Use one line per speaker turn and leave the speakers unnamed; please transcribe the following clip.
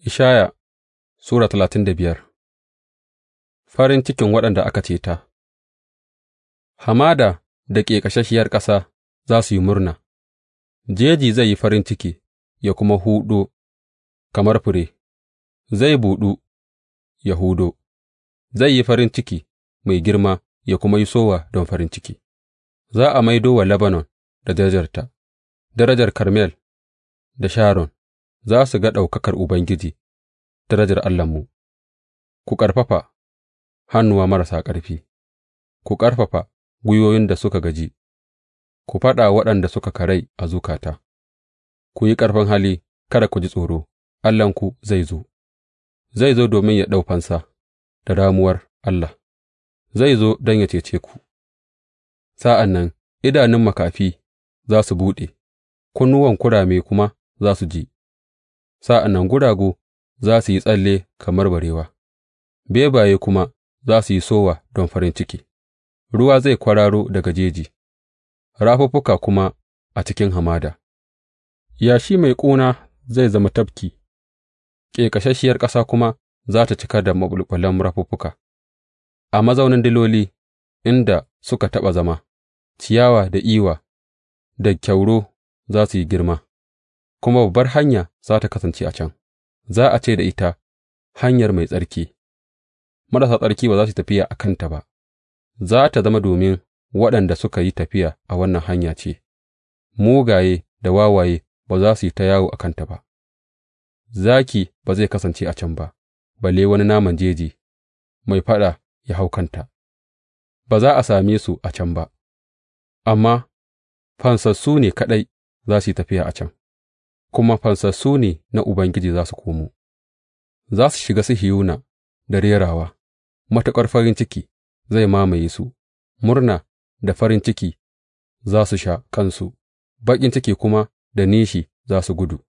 Ishaya Sura talatin da biyar Farin cikin waɗanda aka ceta Hamada da ƙeƙasasshiyar ƙasa za su yi murna, jeji zai yi farin ciki ya kuma huɗo kamar fure, zai buɗu ya hudo, zai yi farin ciki mai girma ya kuma yi sowa don farin ciki, za a maido wa Lebanon da darajarta, darajar Karmel da Sharon. za su ga ɗaukakar Ubangiji, darajar Allahnmu, ku ƙarfafa hannuwa marasa ƙarfi, ku ƙarfafa gwiwoyin da suka gaji, ku faɗa waɗanda suka karai a zukata, ku yi ƙarfin hali kada ku ji tsoro, Allahnku zai zo, zai zo domin ya ɗau fansa da ramuwar Allah, zai zo don ya cece ku. Sa'an nan idanun makafi za su buɗe, kunnuwan kurame kuma za su ji. sa'an nan guragu za su yi tsalle kamar barewa, bebaye kuma za su yi sowa don farin ciki, ruwa zai kwararo daga jeji, rafuffuka kuma a cikin hamada, yashi mai ƙuna zai zama tafki, ƙeƙasasshiyar ƙasa kuma za ta cika da maɓulɓulan rafuffuka, a mazaunin diloli inda suka taɓa zama, ciyawa da iwa da kyauro za su yi girma. kuma babbar hanya za ta kasance a can, za a ce da ita hanyar mai tsarki, marasa tsarki ba za su tafiya a kanta ba, za ta zama domin waɗanda suka yi tafiya a wannan hanya ce, mugaye da wawaye ba za su yi ta yawo a kanta ba, zaki ba zai kasance a can ba, balle wani naman jeji mai faɗa ya hau kanta, ba za a same su a can ba, amma fansassu ne kaɗai za su yi tafiya a can. kuma fansassu ne na Ubangiji za su komo, za su shiga Sihiyona da rerawa, matuƙar farin ciki zai mamaye su, murna da farin ciki za su sha kansu, baƙin ciki kuma da nishi za su gudu.